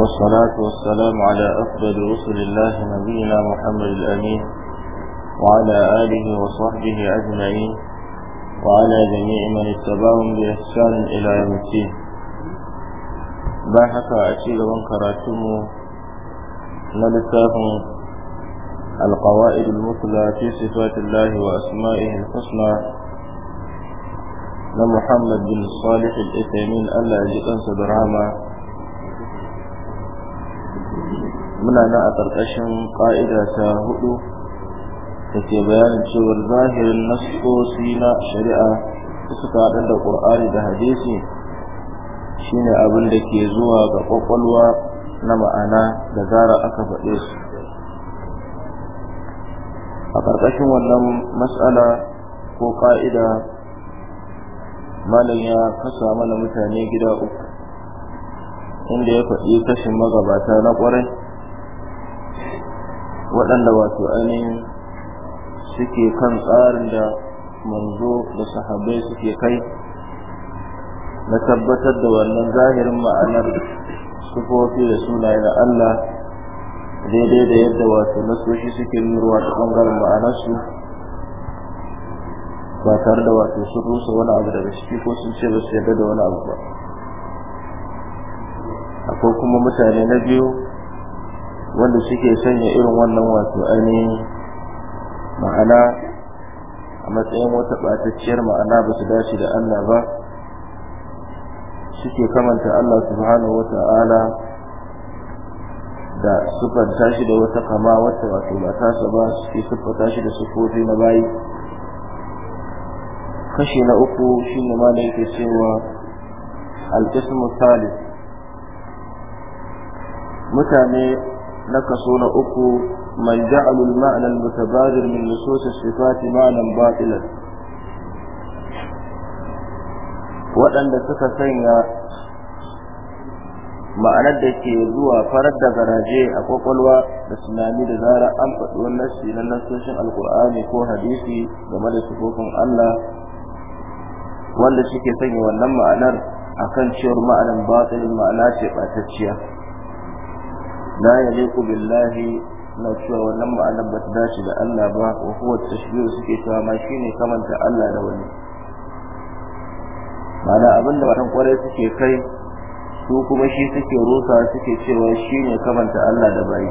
والصلاة والسلام على أفضل رسل الله نبينا محمد الأمين وعلى آله وصحبه أجمعين وعلى جميع من اتبعهم بإحسان إلى يوم الدين باحث أشيل وانكراتم نلتاهم القواعد المثلى في صفات الله وأسمائه الحسنى لمحمد بن الصالح الإثيمين ألا أجد Allah muna nan a ƙarƙashin ƙa'ida ta hudu da ke bayanin cewar zahirin nasosi na shari'a da suka haɗa da ƙur'ani da hadisi shine abin da ke zuwa ga ƙwaƙwalwa na ma'ana da zara aka faɗe su a ƙarƙashin wannan matsala ko ƙa'ida malam ya kasa mana mutane gida uku inda ya faɗi kashin magabata na ƙwarai waɗanda wato ainihin suke kan tsarin da manzo da sahabbai suke kai na tabbatar da wannan zahirin ma'anar sufofi da sunaye na Allah daidai da yadda wato nasoshi suke nurwa ta ɓangaren ma'anarsu ba tare da wato sun rusa wani abu daga ciki ko sun ce ba su yarda da wani abu ba akwai kuma mutane na biyu wanda suke sanya irin wannan wato ainihin ma'ana a matsayin wata ɓatacciyar ma'ana ba su dace da Allah ba suke kamanta Allah subhanahu wa ta'ala, da siffanta shi da wata kama wata wato ba tasa ba suke siffanta shi da sufofi na bayi kashi na uku shi ne ma da yake cewa alƙismu salis mutane na kaso na uku man ja'alul ma'ana al-mutabadir min nusus sifati ma'anan batilan waɗanda suka sanya ma'anar da ke zuwa farar da garaje a kwakwalwa da tunani da zara an faɗi wannan shi na nassoshin alkur'ani ko hadisi game da sifofin Allah wanda suke sanya wannan ma'anar akan cewar ma'anar batilin ma'ana ce ɓatacciya la yaliqu billahi na cewa wannan ma'anar ba ta dace da Allah ba wa huwa tashbihu suke cewa ma ne kamanta Allah da wani ma'ana abin da wannan kwarai suke kai su kuma shi suke rusa suke cewa shi ne kamanta Allah da bai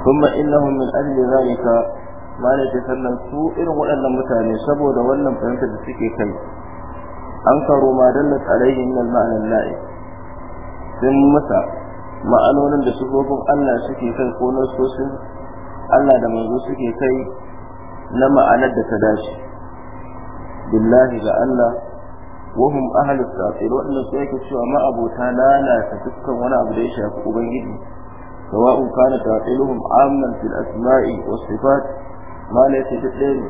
kuma innahum min ajli zalika ma'ana ta sannan su irin waɗannan mutane saboda wannan fahimtar da suke kai an karo ma dallat alaihi min al-ma'anar la'i sun masa ma'anonin da sufofin Allah suke kai ko na sosin Allah da manzo suke kai na ma'anar da ta dace billahi ga Allah wahum ahlus tafsir wannan sai yake cewa ma abota lalata dukkan wani abu da ya shafi ubangiji sawa'un kana tafiluhum amman fil asma'i was sifat ma la yatadabbaru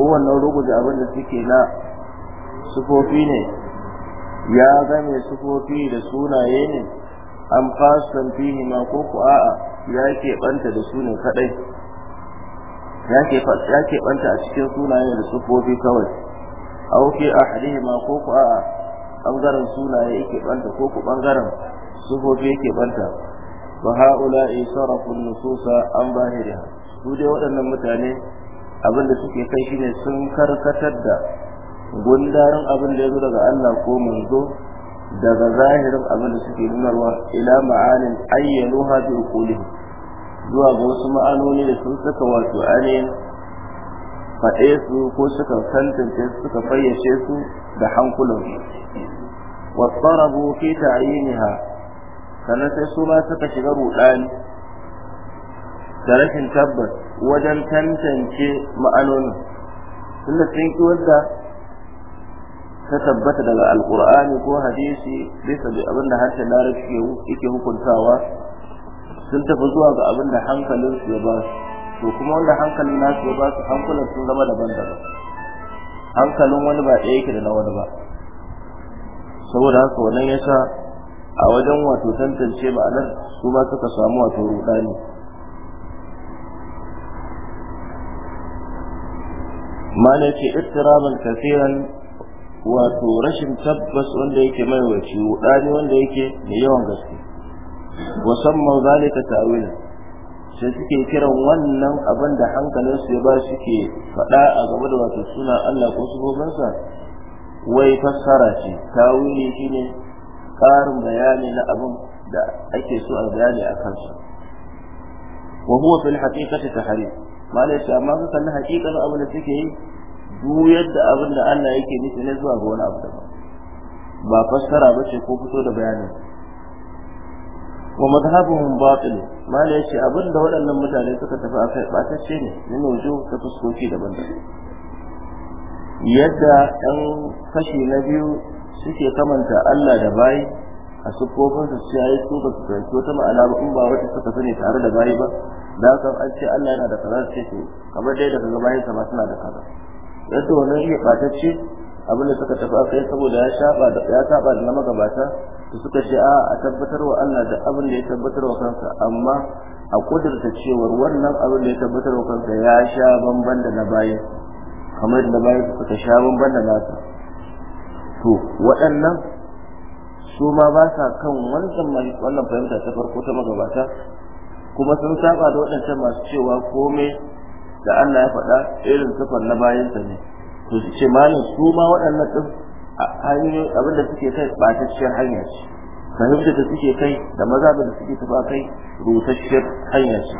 kowannan rugu da abin da suke na sufofi ne ya game sufofi da sunaye ne an fasan fihi ma ko ku a'a ya ke banta da sunan kadai ya ke banta a cikin sunaye da sufofi kawai au fi ahadihi ma ko ku a'a bangaren sunaye yake banta ko ku bangaren sufofi yake banta wa haula isarafu nususa an bahiriha su dai waɗannan mutane abin da suke kai shine sun karkatar da gundarin abin da ya zo daga Allah ko manzo daga zahirin abin da suke nunarwa ila ma'anin ayyanuha bi uqulihim zuwa ga wasu ma'anoni da sun saka wato ainihin faɗe su ko suka tantance su suka fayyace su da hankulan wasarabu fi ta'yiniha sannan sai su ma suka shiga rudani da rashin tabbas wajen tantance ma'anonin tunda sun ki ta tabbata daga alkur'ani ko hadisi bisa da abin da harshen larabci yake hukuntawa sun tafi zuwa ga abin da hankalin su ya ba su to kuma wanda hankalin nasu ya ba su hankulan sun zama daban-daban hankalin wani ba ɗaya yake da na wani ba saboda haka wannan ya sa a wajen wato tantance ma'anar su ba suka samu wato rudani ما نتي اضطرابا كثيرا wato rashin tabbas wanda yake mai wace ne wanda yake mai yawan gaske musamman zalika ta'wil sai suke kiran wannan abin da hankalin su ya ba suke faɗa a game da wato suna Allah ko sufofinsa wai fassara ce ta'wili shine ƙarin bayani na abin da ake so a bayani a kansa wa huwa fil haqiqati tahrif malai amma ka kalli haqiqar abin da suke yi juyar da abin da Allah yake nufi ne zuwa ga wani abu daban ba fassara ba ce ko fito da bayanin wa madhhabuhum batil mala yace abin da waɗannan mutane suka tafi a kai batacce ne min wujuh ta fuskoki daban-daban yadda ɗan kashi na biyu suke kamanta Allah da bayi a su ya yi su ba su fahimci wata ma'ana ba in ba wata suka sani tare da bayi ba da haka an ce Allah yana da kaza ce kamar dai daga sa ma suna da kaza ya ce wannan iya ɓatacce abin da suka tafi aka saboda ya saba da ya saba da na magabata to suka ce a a tabbatar wa Allah da abin da ya tabbatar wa kansa amma a kudurta cewar wannan abin da ya tabbatar wa kansa ya sha bamban da na baya kamar da bayan suka sha bamban da nasa to waɗannan su ma ba sa kan wancan wannan fahimta ta farko ta magabata kuma sun saba da waɗancan masu cewa komai da Allah ya faɗa irin sufan na bayansa ne to su ce malam su ma waɗannan ɗin hanyoyin abin da suke kai ɓatacciyar hanya ce fahimtar da suke kai da maza da suke tafa kai rusasshiyar hanya ce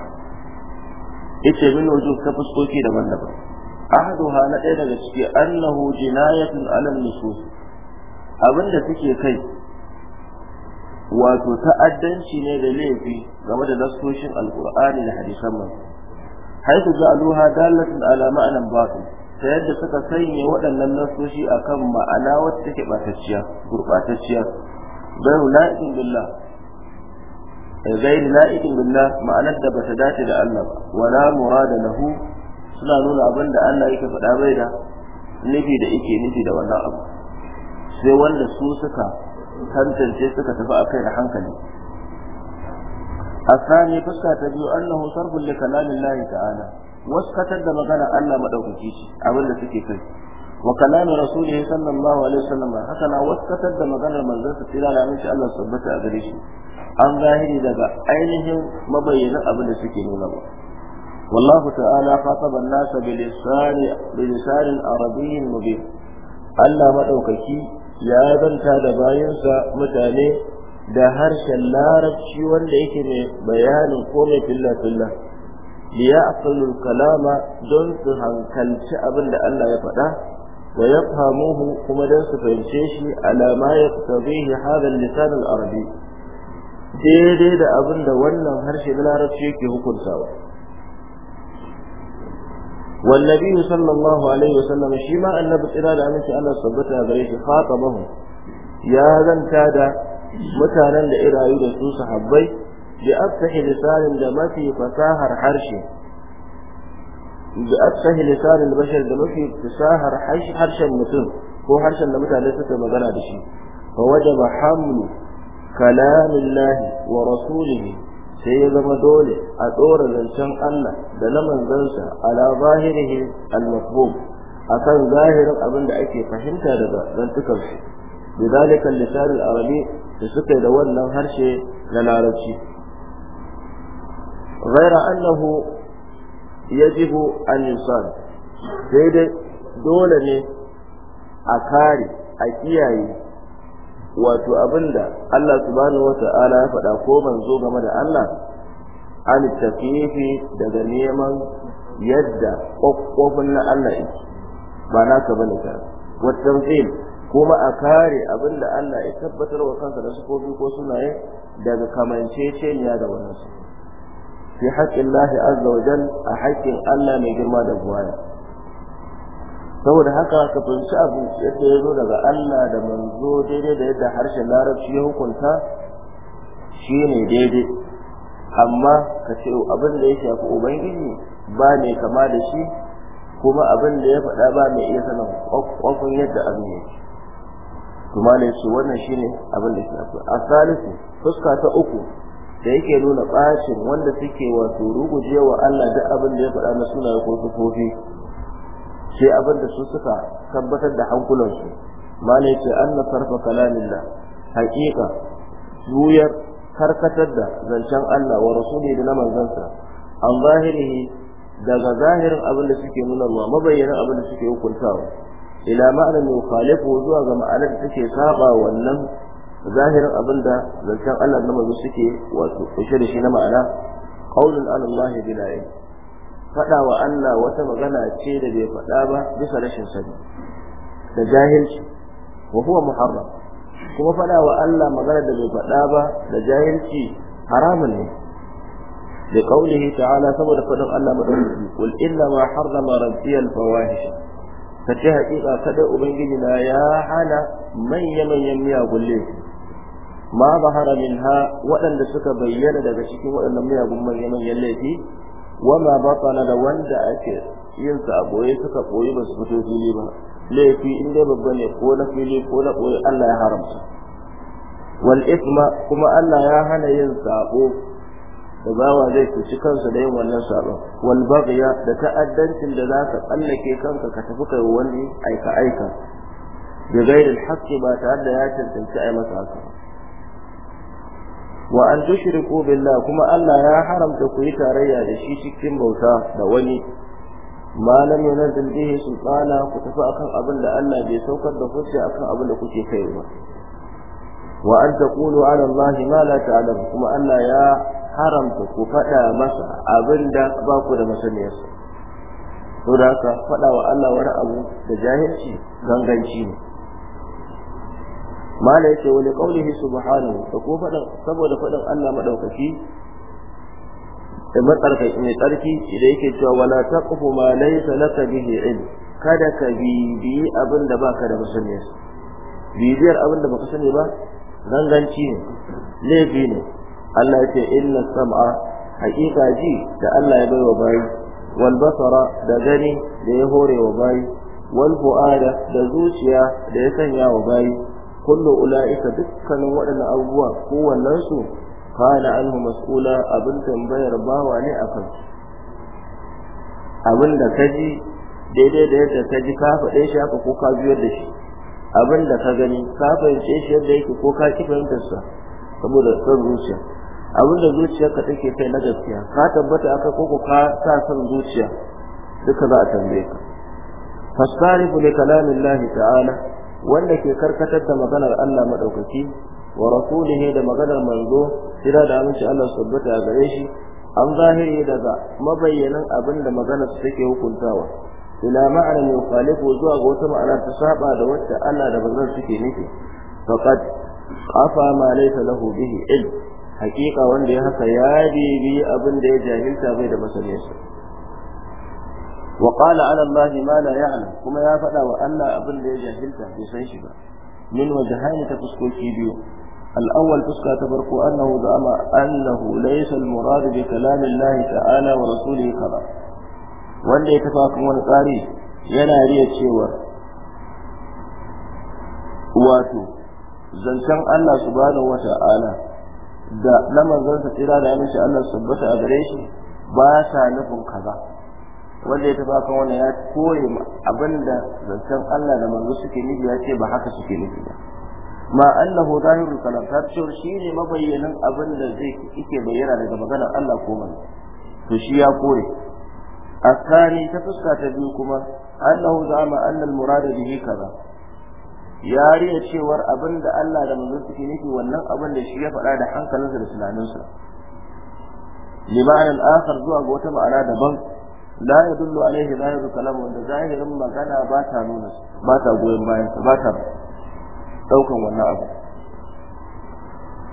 yace min wajen ta fuskoki daban-daban ahaduha na ɗaya daga ciki annahu jinayatun alal nusus abin da suke kai wato ta'addanci ne da laifi game da nassoshin alqur'ani da hadisan manzo haitu ja'aluha dalatan ala ma'anan batil ta yadda suka sanya waɗannan nasoshi akan ma'ana wacce take batacciya gurbatacciya ghayru la'ikin billah eh, ghayru ma'anar da bata dace da Allah ba wala murada lahu suna nuna abin da Allah yake faɗa bai da nufi da yake nufi da wannan abu sai wanda su suka tantance suka tafi akai da hankali الثاني فسكة تبيو أنه صرف لكلام الله تعالى وسكتت مغانا ألا مدوكيش أولا سكيكي وكلام رسوله صلى الله عليه وسلم حسنا وسكتت مغانا منزل ستلال عن شاء الله صبت أدريش أن ظاهري دقا أينهم مبينة أولا سكينونا والله تعالى خاطب الناس بلسان بلسان عربي مبين ألا مدوكيش ya zanta da bayansa mutane da harshen larabci wanda yake mai bayanin ko mai filla-filla liya asalul kalama don su hankalci abin da Allah ya faɗa wa ya famuhu kuma don su fahimce shi alama ya tabihi hadal lisanin arabi daidai da abin da wannan harshe na larabci yake hukuntawa والنبي صلى الله عليه وسلم شيما النبي صلى الله عليه وسلم خاطبهم يا ذا mutanen da irayu da su sahabbai bi afsahi lisanin da mafi fasahar harshe bi afsahi lisanin bashar da mafi fasahar harshen mutum ko harshen da mutane suka magana da shi fa wajaba hamlu kalamillahi wa rasulihi sai ya zama dole a dora zancen Allah da na manzansa ala zahirihi al-mafhum akan zahirin abin da ake fahimta daga zantukansu bi zalika lisan al-arabi da suka da wannan harshe na larabci ghaira annahu yajibu an yusan sai dai dole ne a kare a kiyaye wato abinda Allah subhanahu wata'ala ya faɗa ko manzo game da Allah an tafifi daga neman yadda kwakwafin na Allah yake ba naka bane ka wata kuma a kare abinda Allah ya tabbatar wa kansa da sufofi ko sunaye daga kamanceceniya da wannan su fi haƙƙin lahi azza wa a haƙƙin Allah mai girma da gwaya saboda haka ka fahimci abu yadda ya zo daga Allah da manzo daidai da yadda harshen larabci ya hukunta shi ne daidai amma ka ce abin da ya shafi ubangiji ba ne kama da shi kuma abin da ya faɗa ba mai iya sanin kwakwakwun yadda abin yake kuma ne su wannan shi ne abin da ke a salisu fuska ta uku da yake nuna ɓacin wanda suke wato rugujewa Allah duk abin da ya faɗa na suna ko sufofi sai abin da su suka tabbatar da hankulansu ma ne ce an na farfa kalamillah haƙiƙa juyar karkatar da zancen Allah wa rasuli da na manzansa an zahirihi daga zahirin abin da suke nuna ma mabayyanin abin da suke hukuntawa ila ma'anar yukhalifu zuwa ga ma'anar da take saba wannan zahirin abinda zancen Allah na mazu suke wato kushe da shi na ma'ana qaulun ala Allah bila ilm fada wa Allah wata magana ce da bai faɗa ba bisa rashin sani da jahilci wa huwa muharram kuma fada wa Allah magana da bai faɗa ba da jahilci haramun ne da qaulihi ta'ala saboda faɗin Allah madaukaki qul inna ma harrama rabbi al-fawahish ka ce haƙiƙa kada ubangiji na ya hana manya-manyan miyagun laifi ma bahara minha waɗanda suka bayyana daga cikin waɗannan miyagun manya-manyan laifi wama batana da wanda ake yin sa a boye suka koyi ba su fito fili ba laifi in dai babba ne ko na fili ko na boye Allah ya haramta wal isma kuma Allah ya hana yin sabo da bawa zai cuci kansa da yin wannan sabon wal bagya da ta'addancin da zaka tsallake kanka ka tafi kai wani aika aika bi ghairi haqqi ba tare da ya cancanci ai masa haka wa an tushriku billah kuma Allah ya haramta ku yi tarayya da shi cikin bauta da wani malam yana bihi sultana ku tafi akan abin da Allah bai saukar da hujja akan abin da kuke kai ba wa an taqulu ala Allah ma la ta'lamu kuma Allah ya haramta ku faɗa masa abin da ba ku da masaniyarsa to da haka faɗa wa Allah wani abu da jahilci ganganci ne mala yace wani kaulihi subhanahu da ko faɗin saboda faɗin Allah madaukaki da matsarka ne tsarki da yake cewa wala taqfu ma laysa laka bihi ilm kada ka bibi abin da baka da masaniyarsa bibiyar abin da baka sani ba ganganci ne laifi ne Allah ya ce inna sam'a haƙiƙa ji da Allah ya bai wa bayi wal basara da gani da ya hore wa bayi wal fu'ada da zuciya da ya sanya wa bayi kullu ula'ika dukkanin waɗannan abubuwa ko wannan su kana anhu mas'ula abin tambayar bawa ne akan abin da ka ji daidai da yadda ka ji ka faɗe shi haka ko ka biyar da shi abin da ka gani ka fahimce shi yadda yake ko ka ki fahimtar sa saboda son zuciya abin da zuciyarka take kai na gaskiya ka tabbata aka koko ka sa son zuciya duka za a tambaye ka fasarifu li kalamillahi ta'ala wanda ke karkatar da maganar Allah madaukaki wa rasulihi da maganar manzo jira da aminci Allah tabbata gare shi an zahiri daga mabayyanin abin da maganar take hukuntawa ila mai yukhalifu zuwa ga wata ma'ana ta saba da wacce Allah da bazan suke nufi faqad afa ma laysa lahu bihi ilm hakika wanda ya haka ya bibi abin da ya jahilta bai da masaniyarsa wa qala ala allahi ma la ya'lam kuma ya faɗa wa Allah abin da ya jahilta bai san shi ba min wajhani ta fuskoki biyu الأول تسكى تبرق أنه زعم أنه ليس المراد بكلام الله تعالى ورسوله كذا وأن يتفاكم ونقاري يناري الشيوة واتو زنشان الله سبحانه وتعالى da na manzon sa tsira da mishi Allah subbata a gare shi ba sa nufin kaza wanda ya taba kan wannan ya kore abinda zancen Allah da manzo suke nufi ya ce ba haka suke nufi ba ma annahu zahirul kalam ta ce shi ne mabayyanin abinda zai yake bayyana daga maganar Allah ko manzo to shi ya kore asani ta fuska ta biyu kuma annahu zama annal murada bihi kaza ya cewar abin da Allah da manzon suke yake wannan abin da shi ya faɗa da hankalinsa da tunaninsa limanin akhar zuwa ga wata ma'ana daban la yadullu alaihi zahiru kalam wanda zahirin magana ba ta nuna ba ta goyon bayan sa ba ta daukan wannan abu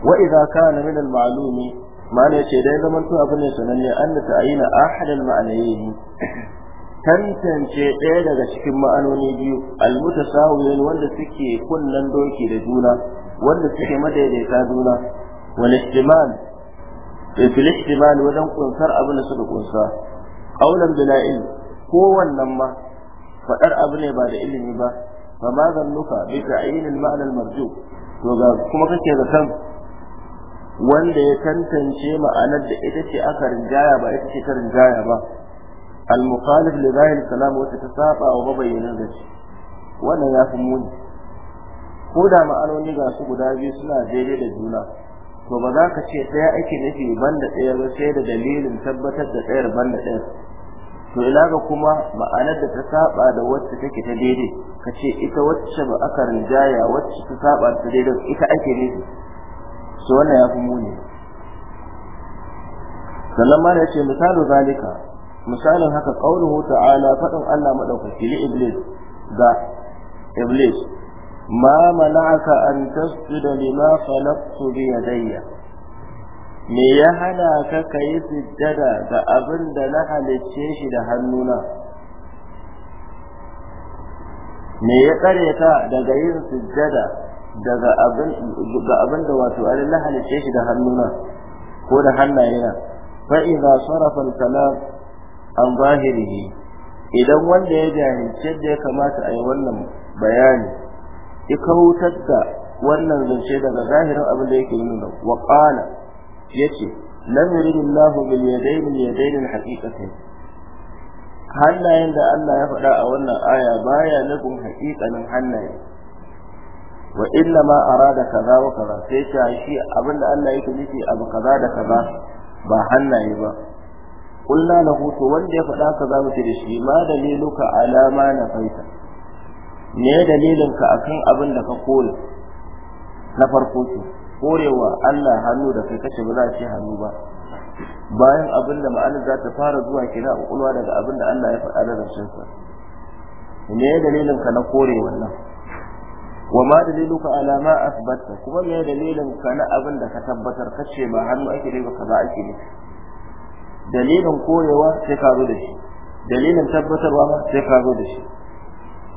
wa idza kana min al ma'lumi ne ce dai zaman to abin ne sananne an ta ayina ahad al tantance ɗaya daga cikin ma'anoni biyu almutasawiyin wanda suke kunnan doki da juna wanda suke madaidaita juna Wani ihtimal eh, fil ihtimal wajen kunsar abin da suka kunsa qaulan bila ilm ko wannan ma faɗar abu ne ba da ilimi ba fa ma zannuka bi ta'yin al ma'anar marju to ga kuma kake zaton wanda ya tantance ma'anar da ita ce aka rinjaya ba ita ce ta rinjaya ba المخالف لظاهر السلام zahir ta saba wa mabayyanin gaci wannan ya fi muni ko da ma'anoni ga su guda biyu suna daidai da juna to ba za ka ce ɗaya ake nufi banda ɗaya ba sai da dalilin tabbatar da ɗayar banda ɗaya to ina ga kuma ma'anar da ta saba da wacce take ta daidai ka ce ita wacce ba aka rinjaya wacce ta saba ta daidai ita ake nufi so wannan ya fi muni ce misalu zalika misalin haka qauluhu ta'ala fadin Allah madaukaki li iblis ga iblis ma mana'aka an tasjuda lima khalaqtu bi yadayya me ya hana ka kai sujjada ga abin da na halicce shi da hannuna me ya tsare ka daga yin sujjada daga abin ga abin da wato Allah halicce shi da hannuna ko da hannayena fa idza sarafa al-kalam an zahirihi idan wanda ya jahilce da ya kamata a yi wannan bayani ya kautar da wannan zance daga zahirin abin da yake nuna wa qala yace lam yuridillahu bil yadayn al yadayn hannayen da Allah ya faɗa a wannan aya baya nufin haƙiƙanin hannaye wa illa ma arada kaza wa kaza sai ta shi abinda Allah yake nufi abu kaza da kaza ba hannaye ba kulla na hutu wanda ya faɗa ka za mu ce da shi ma daliluka alama na faita me dalilinka akan abin da ka kore na farko ce korewa Allah hannu da kai kace ba za ce hannu ba bayan abin da ma'anar za ta fara zuwa kira a daga abin da Allah ya faɗa da rashin sa me dalilinka na kore wannan wa ma daliluka alama ma asbatta kuma me dalilinka na abin da ka tabbatar kace ba hannu ake ne ba kaza ake ne dalilin koyewa sai ka zo da shi dalilin tabbatarwa ma sai ka zo da shi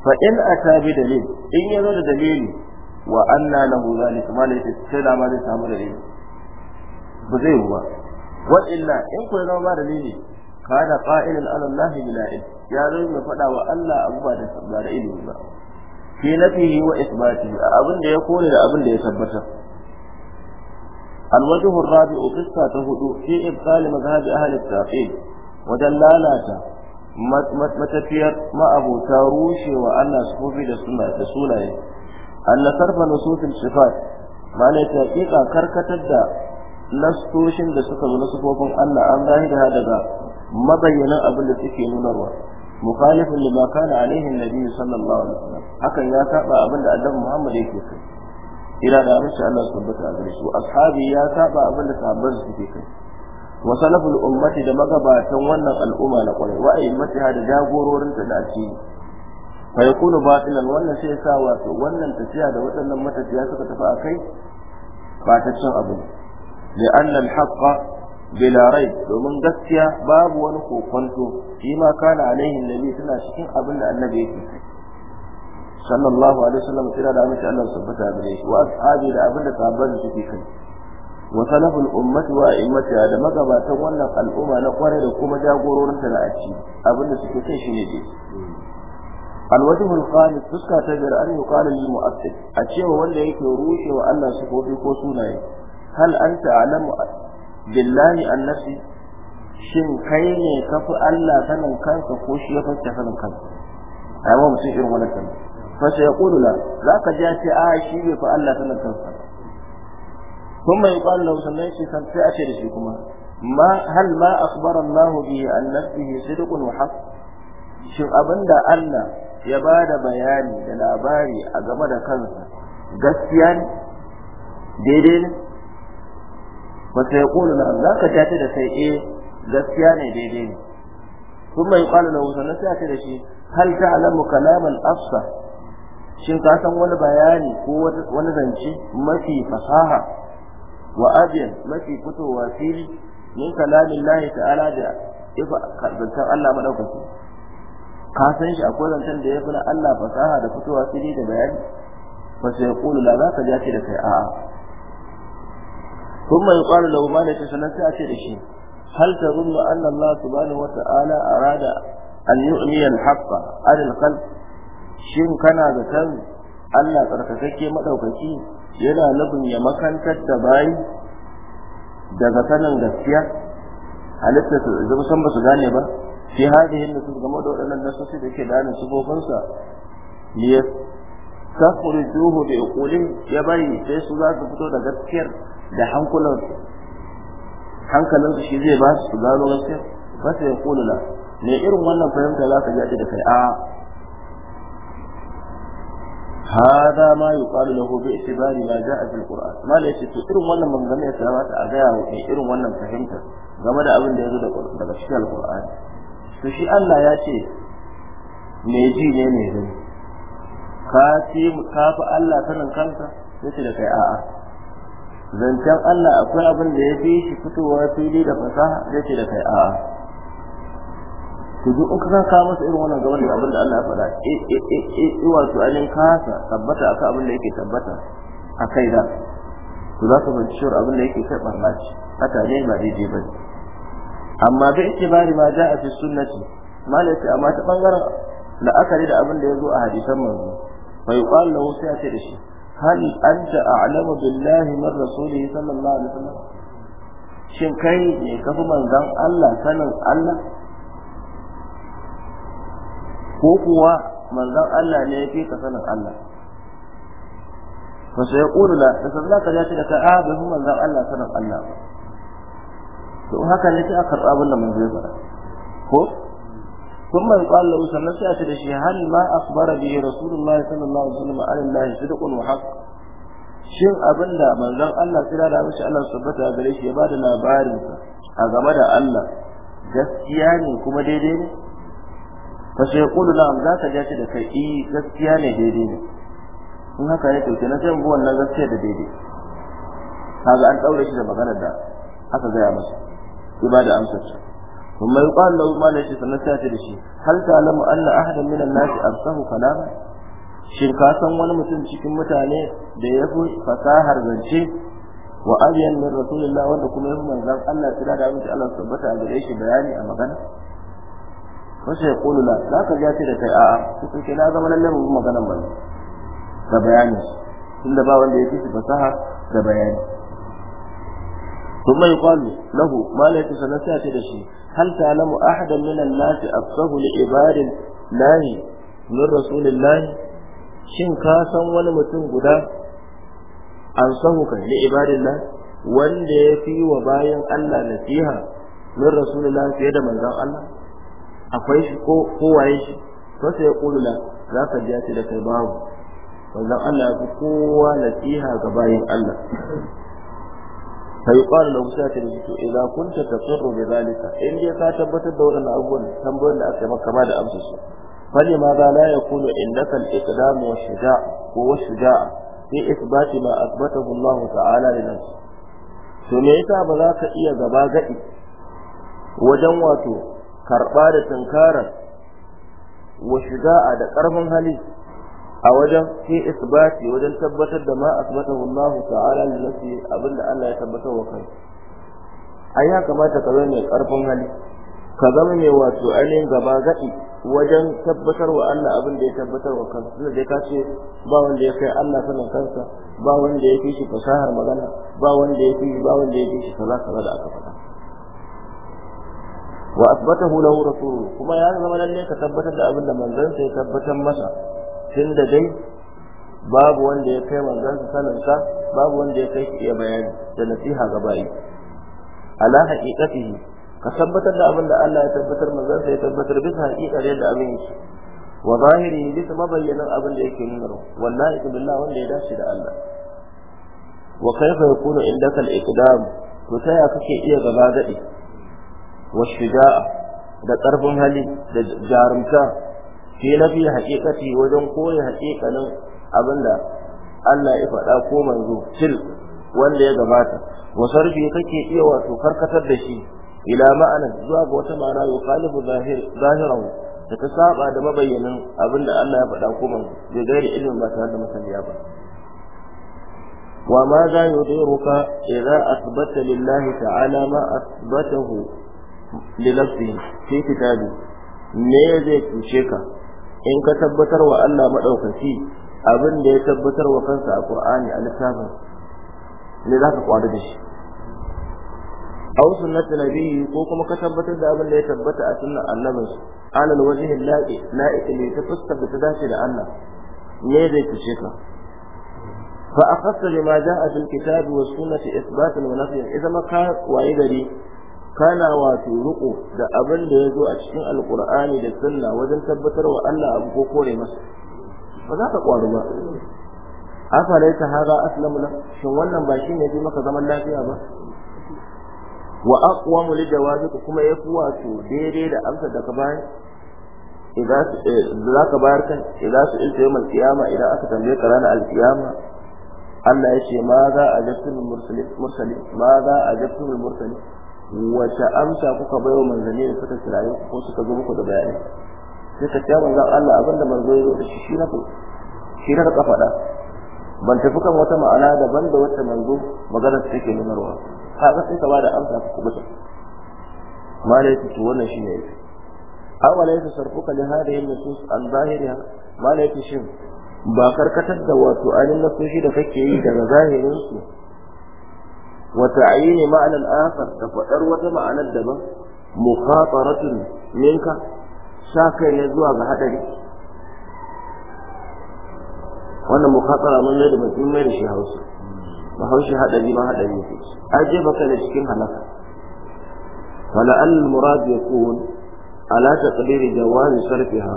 fa in aka bi dalil in ya zo da dalili wa anna lahu zalik ma la yatsala ma zai samu dalili ba zai ba. wa illa in ku zama ba dalili da qa'ilan ala Allah bila id ya zo ya faɗa wa Allah abu ba da sabbar da ba fi nafihi wa isbatihi abin da ya kore da abin da ya tabbatar الوجه الرابع قصة هدوء في إبطال مذهب أهل التعقيد ودلالات متفير ما أبو تاروش وأن أصحابي لسنة رسوله أن صرف نصوص الصفات ما لتحقيق كركة الدا نستوشن لسكة ونصفوكم أن أن ظاهر هذا ما بينا أبو لتكي نروى مخالف لما كان عليه النبي صلى الله عليه وسلم حكا يا كعب أبو الأدب محمد يكي ina da amince Allah su tabbata a gare su ashabi ya saba abin da sahabban suke kai wa salaful ummati da magabatan wannan al'umma na kwarai wa a'immatiha da jagororin ta da ake fa yakunu batilan wannan sai sa wato wannan tafiya da waɗannan matafiya suka tafi a kai ba ta cin abu li anna al-haqqa bila domin gaskiya babu wani kokonto shi ma kana alaihin nabi tana cikin abin da annabi yake kai sallallahu alaihi wasallam kira da amince Allah subhanahu wa ta'ala wa ashabi da suke kai wa salaful ummati wa da magabatan wannan al'umma na kware da kuma jagororin ta na aci abin suke kai shine dai الوجه الخالد تسكى تجر أن يقال للمؤسس أشياء ولا يكروش كوسوناي هل أنت أعلم بالله نفسي shin kai ne kafi Allah sanin kansa ko shi fasa ya ƙudu la za ka ji ce a shi ne fa Allah nan kansa kuma ya ƙwallo lau sannan ya ce san sai a ce da shi kuma ma hal ma akbara Allah biyu an nafsihi sidqun wa haqq shin abinda Allah ya ba da bayani da labari a game da kansa gaskiya ne daidai ne fasa ya ƙudu la za ka ji da sai eh gaskiya ne daidai ne kuma ya ƙwallo na sannan sai a ce da shi هل تعلم كلام afsa shin ka san wani bayani ko wani zance mafi fasaha wa abiyan mafi fitowa fili min kalamin lahi ta'ala da ifa zancen Allah madaukaki ka san shi akwai zancen da ya fi na Allah fasaha da fitowa fili da bayani ba sai ya kulu la za ka ja ce da kai a'a ثم يقال له ما ليس سنة أتي لشيء هل تظن أن الله سبحانه وتعالى أراد أن يؤني الحق عن الخلق shin kana zaton Allah tsarkakakke madaukaki yana nufin ya makantar da bayi daga sanin gaskiya halitta su da san ba su gane ba fi hadihin da su game da waɗannan nasosi da ke dana sifofinsa liyar takhrijuhu da ikulin ya bari sai su za su fito da gaskiyar da hankulan hankalin su shi zai ba su gano gaskiyar ba su ya kula ne irin wannan fahimta za ka ji da kai a hada ma yuqalu lahu bi itibari ma ja'a fil qur'an mala yace to irin wannan manzanni ya kamata a gaya wa kai irin wannan fahimta game da abin da yazo daga cikin alquran to shi Allah ya ce me ji ne ne gani ka ce ka fa Allah sanin kanka yace da kai a'a zancen Allah akwai abin da ya fi shi fitowa fili da fasaha yace da kai a'a ku ji ka kan kawo masa irin wannan gaban da abin da Allah ya faɗa eh e e e e wato anin kasa tabbata akan abin da yake tabbata a kai da to za ku fahimci shawar abin da yake kai barnaci ce haka ne ba daidai ba ne amma bai ce bari ma ja a fi sunnati malai amma ta bangaren la'akari da abin da ya zo a hadisan manzo fa kwallo lahu sai a ce da shi hal anta a'lamu billahi min rasulihi sallallahu alaihi wasallam shin kai ne kafi manzon Allah sanin Allah ko kuwa manzon Allah ne ya fi ka sanin Allah fa sai yaqulu la da sabla ka ya ce da ka a ah, bai fi manzon Allah sanin Allah ba to haka ne sai a karɓa abin da manzon ya faɗa ko ثم يقال له a سأتي شيء هل ما أخبر به رسول الله صلى الله عليه وسلم عن الله صدق وحق shin abin da manzon Allah kira da mishi Allah tabbata gare shi ya bada labarin sa a game da Allah gaskiya ne kuma daidai ne fa sai yaqulu na'am za ka ja shi da kai eh gaskiya ne daidai ne in haka ya to kenan sai mu wannan gaskiya da daidai kaga an daure shi da maganar da aka gaya masa ibada amsar shi ثم ta ce da shi? سنتات لشي هل تعلم أن أحدا من الناس arsahu kalama shin ka san wani mutum cikin mutane da ya fi fasahar zance wa abiyan min rasulillah wanda kuma ya fi manzan Allah tsira da mutum Allah tabbata a gare shi bayani a magana wasu ya kulu la za ka ce da kai a'a su ke na zama lallai mu magana ba da bayani da ba wanda ya fi fasaha da bayani ثم يقال له ما لا يتسنسى na هل تعلم أحدا من الناس أفصه لعباد الله من رسول الله shin ka san wani mutum guda an sahu ka li ibadillah wanda ya fi wa bayan Allah nasiha min rasulullah fiye da manzon Allah akwai shi ko kowaye shi to sai ya kulu la za ka ji ce da kai babu wannan Allah ya fi kowa nasiha ga bayin Allah da yuqalu ta sa'atan idan kun ta taqirru da zalika in dai ka tabbatar da wannan abubuwan tambayoyin da aka maka ba da amsa su fa ne ma za la yakunu indaka al-iqdam wa shuja' wa shuja' fi isbati ma athbatahu Allah ta'ala li nafsi to me yasa ba za ka iya gaba gadi wajen wato karɓa da tunkarar wa shiga'a da ƙarfin hali a wajen ke isbati wajen tabbatar da ma asbatahu Allah ta'ala li abinda Allah ya tabbatar wa kai ai ya kamata ka zama mai ƙarfin hali ka zama mai wato ainihin gaba gaɗi wajen tabbatar wa Allah abin da ya tabbatar wa kansa tunda dai ka ce ba wanda ya kai Allah sanin kansa ba wanda ya fi shi fasahar magana ba wanda ya fi ba wanda ya fi shi kaza kaza da aka faɗa wa asbatahu lahu rasuluhu kuma ya zama lalle ka tabbatar da abin da manzon sai tabbatar masa tun da dai babu wanda ya kai manzon sa sanin sa babu wanda ya kai shi ya bayani da nasiha ga bayi ala haqiqatihi ka tabbatar da abin da Allah ya tabbatar manzon sa ya tabbatar bisa haqiqar yadda abin yake wa zahiri bisa mabayyanin abin da yake nuna wallahi billahi wanda ya dace da Allah wa kaifa yakunu indaka al-iqdam to ta ya kake iya gaba gadi da'a da ƙarfin hali da jarumta fi nafi haƙiƙati wajen koya haƙiƙanin abinda Allah ya faɗa ko manzo til wanda ya gabata wa sarfi kake iya wato karkatar da shi ila ma'ana zuwa ga wata ma'ana yukhalifu zahirahu da ta saba da mabayyanin abinda Allah ya faɗa ko manzo bai gairi ilimin ba tare da masaniya ba وماذا يضيرك إذا أثبت lillahi ta'ala ma أثبته lilafin fi kitabi me zai cuce ka in ka tabbatar wa Allah madaukaki abin da ya tabbatar wa kansa a Qur'ani a littafin ne za ka kwada da shi aw sunnatu nabiyyi ko kuma ka tabbatar da abin da ya tabbata a sunnar annabi alal wajhi laqi laqi ne ta fuskar da ta dace da Allah ne zai cuce ka fa akhassa lima jaa fil kitabi wa sunnati ithbatan wa nafyan idan ma ka gari kana wato riko da abin da ya zo a cikin alkur'ani da sunna wajen tabbatar wa Allah abu ko kore masa ba za ka kwaru ba dai ta haza aslamu la shin wannan ba shine yafi maka zaman lafiya ba wa aqwamu li ku kuma yafi wato daidai da amsa da ka bayar idan eh, za ka bayar kan idan su ilta yawmal qiyama idan aka tambaye ka ranar alqiyama Allah ya ce ma za a jabtul mursali ma za a jafin mursali wace amsa kuka bai wa manzanni da suka kirayen ko suka zo muku da bayani sai ka ce manzon Allah abinda manzo ya da shi shi na shi na ka faɗa ban tafi kan wata ma'ana daban da wata manzo magana ta take numarwa ka ga sai ka bada amsa ka kubuta malai ta to wannan shine yake awala yasa sarfuka li hadhihi nusus al zahiriya malai ta shin ba karkatar da wato ainihin nasoshi da kake yi daga zahirin su وتعيين معنى آخر تفقر وتمعنى الدبا مخاطرة منك شاكا يزوى بهدري wannan mukhatara mun yi da mutum mai da shi hausa ba haushi ma hadari ne aje baka da cikin halaka wala al murad yakun ala taqdir jawaz sarfiha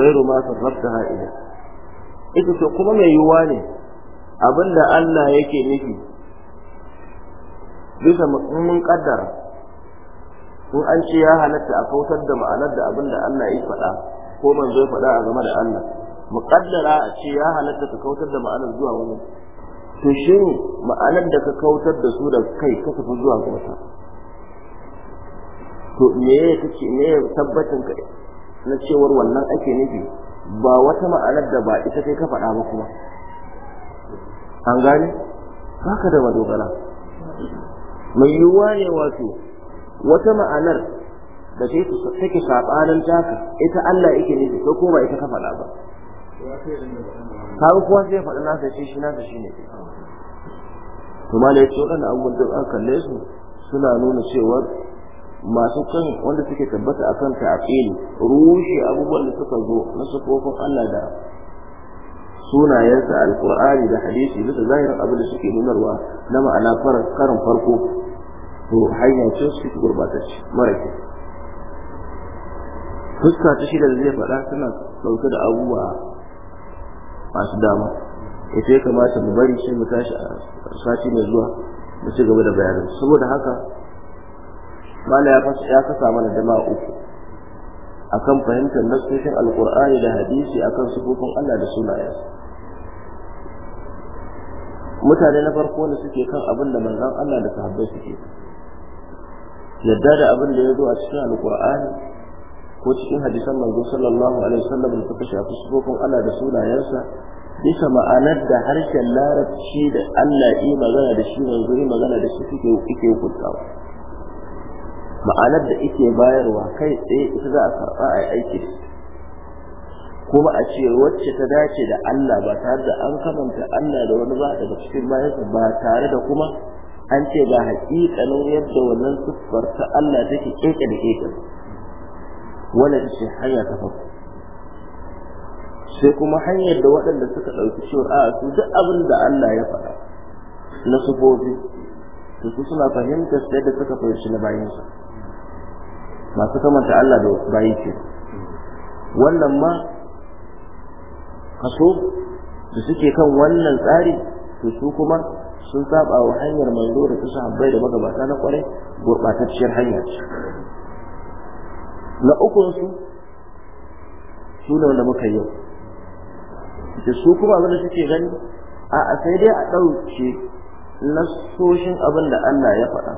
ghayru ma sarraftaha ila ita to kuma mai ne abinda Allah yake nufi bisa mun kaddara in an ce ya halatta a kautar da ma'anar da abin da Allah ya faɗa ko manzo ya faɗa a game da Allah mu kaddara a ce ya halatta ka kautar da ma'anar zuwa wani to shin ma'anar da ka kautar da su da kai ka tafi zuwa ga wata to me ya kace me ya tabbatin ka na cewar wannan ake nufi ba wata ma'anar da ba ita kai ka faɗa ba kuma an gane baka da madogara mai yiwuwa ne wato wata ma'anar da take saɓanin taka ita Allah yake nufi ko kuma ba ita ka faɗa ba kawo kuwa zai faɗi nasa ce shi nasa shi ne kuma da ya waɗanda abubuwan duk an kalle su suna nuna cewa masu kan wanda suke tabbata akan ta'aqil rushe abubuwan da suka zo na sufofin Allah da sunayensa alkur'ani da hadisi bisa zahirin abin da suke nunarwa na ma'ana karin farko to hanya ce su suke gurbatacce mara kyau fuska ta shida da zai faɗa suna ɗauke da abubuwa masu dama ita ya kamata mu bari sai mu tashi a sati mai zuwa mu ci gaba da bayanin saboda haka mala ya kasa mana dama uku akan fahimtar nasihin alkur'ani da hadisi akan sufofin Allah da sunayensa mutane na farko da suke kan abin da manzon Allah da sahabbai suke yadda da abin da ya zo a cikin alqur'ani ko cikin hadisan manzo sallallahu alaihi wasallam da suka shafi sufofin Allah da sunayensa bisa ma'anar da harshen larabci da Allah yi magana da shi manzo yi magana da shi suke kike hukuntawa ma'anar da ike bayarwa kai tsaye ita za a karɓa a aiki kuma a ce wacce ta dace da Allah ba tare da an kamanta Allah da wani ba daga cikin bayansa ba tare da kuma an ce ga hakikanin yadda wannan siffar ta Allah take keke da keke wala ce hanya ta farko sai kuma hanyar da waɗanda suka ɗauki cewa a su duk abin da Allah ya faɗa na sufofi to su suna fahimtar sai da suka fahimci na bayansa masu kamanta Allah da bayi ce wannan ma kaso da suke kan wannan tsari to su kuma sun saba wa hanyar manzo da su sahabbai da magabata na kwarai gurbatacciyar hanya ce na ukun su su ne wanda muka yau da su kuma wanda suke gani a sai dai a ɗauke nasoshin abin da Allah ya faɗa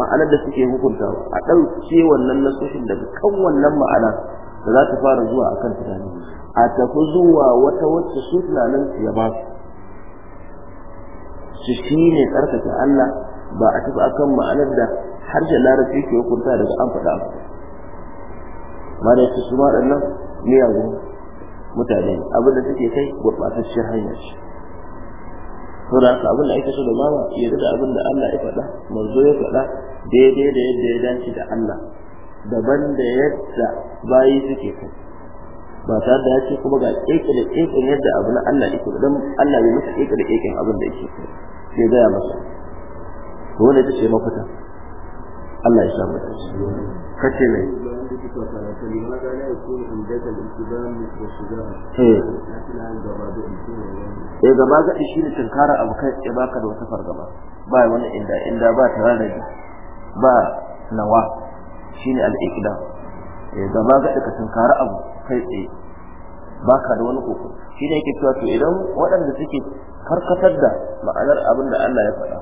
ma'anar da suke hukuntawa a ɗauke wannan nasoshin daga kan wannan ma'ana da za ta fara zuwa a kan tunani a tafi zuwa wata wacce su tunanin ya ba su shi ne tsarkake Allah ba a tafi akan ma'anar da harshen larabci ke hukunta daga an faɗa ba da su su nan miyagun mutane abin da suke kai gurɓatacciyar hanyar shi saboda haka abin da ake so da bawa ya da abin da Allah ya faɗa manzo ya faɗa daidai da yadda ya dace da Allah daban da yadda bayi suke kai ba ta da yace kuma ga kekele keken yadda abu na Allah yake dan Allah ya ƙeƙe da keken abin da yake kai sai ga masa ko wanda tace mafita Allah ya samu kace ne eh, eh gaba ga shi ne tunkara abu kai ya baka da wata fargaba ba wani inda inda ba tarare ba nawa shine al-iqdam eh, ba gaba ga ka tunkari abu kai tsaye Ba ka da wani koko shi ne yake cewa to idan waɗanda suke karkatar da ma'anar abin da Allah ya faɗa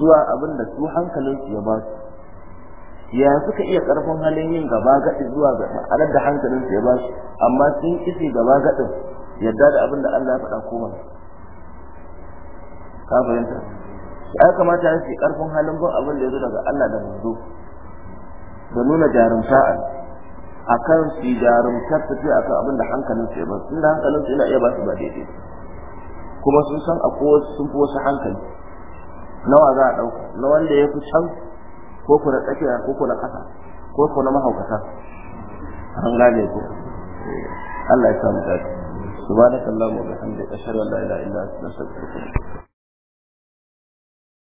zuwa abin da su hankalin su ya ba su ya suka iya karfin halin yin gaba gaɗi zuwa ga ma'anar da hankalin su ya ba su amma sun kisi gaba gaɗin yadda da abin da Allah ya faɗa ko ka fahimta ya kamata ya ce karfin halin ban abin da ya zo daga Allah da manzo da nuna jarumta a kan su jarumta ta fi akan abin da hankalin su ya ba da hankalin su yana iya ba su ba daidai kuma sun san a kowa sun fi wasu hankali nawa za a ɗauka na wanda ya fi can ko ku na tsakiya ko ku na ƙasa ko ku na mahaukata an gane ku Allah ya samu dace subhanakallahumma wa bihamdika ashhadu an la ilaha illa anta astaghfiruka